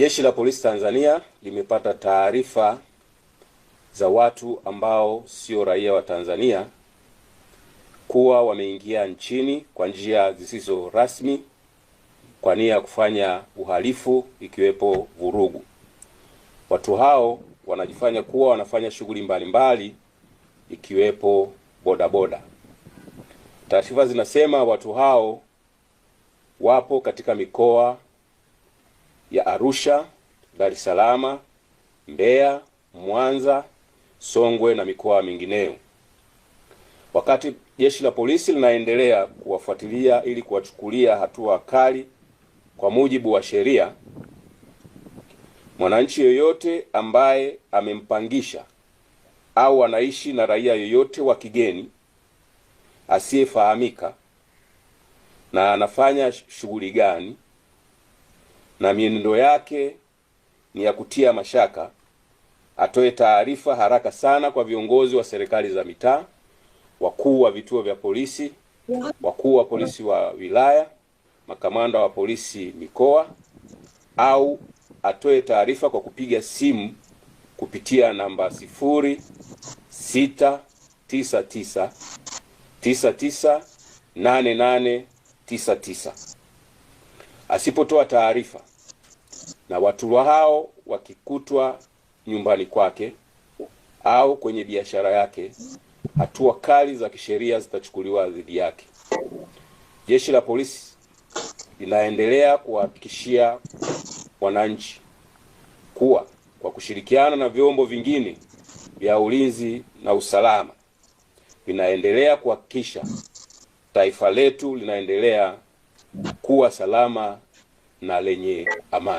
Jeshi la Polisi Tanzania limepata taarifa za watu ambao sio raia wa Tanzania kuwa wameingia nchini kwa njia zisizo rasmi kwa nia ya kufanya uhalifu ikiwepo vurugu. Watu hao wanajifanya kuwa wanafanya shughuli mbalimbali ikiwepo bodaboda. Taarifa zinasema watu hao wapo katika mikoa ya Arusha, Dar es Salaam, Mbeya, Mwanza, Songwe na mikoa mingineyo. Wakati jeshi la polisi linaendelea kuwafuatilia ili kuwachukulia hatua kali kwa mujibu wa sheria, mwananchi yoyote ambaye amempangisha au anaishi na raia yoyote wa kigeni asiyefahamika na anafanya shughuli gani na mienendo yake ni ya kutia mashaka, atoe taarifa haraka sana kwa viongozi wa serikali za mitaa, wakuu wa vituo vya polisi, wakuu wa polisi wa wilaya, makamanda wa polisi mikoa, au atoe taarifa kwa kupiga simu kupitia namba sifuri sita tisa tisa tisa tisa nane nane tisa tisa. Asipotoa taarifa na watulwa hao wakikutwa nyumbani kwake au kwenye biashara yake, hatua kali za kisheria zitachukuliwa dhidi yake. Jeshi la polisi linaendelea kuhakikishia wananchi kuwa kwa kushirikiana na vyombo vingine vya ulinzi na usalama vinaendelea kuhakikisha taifa letu linaendelea kuwa salama na lenye amani.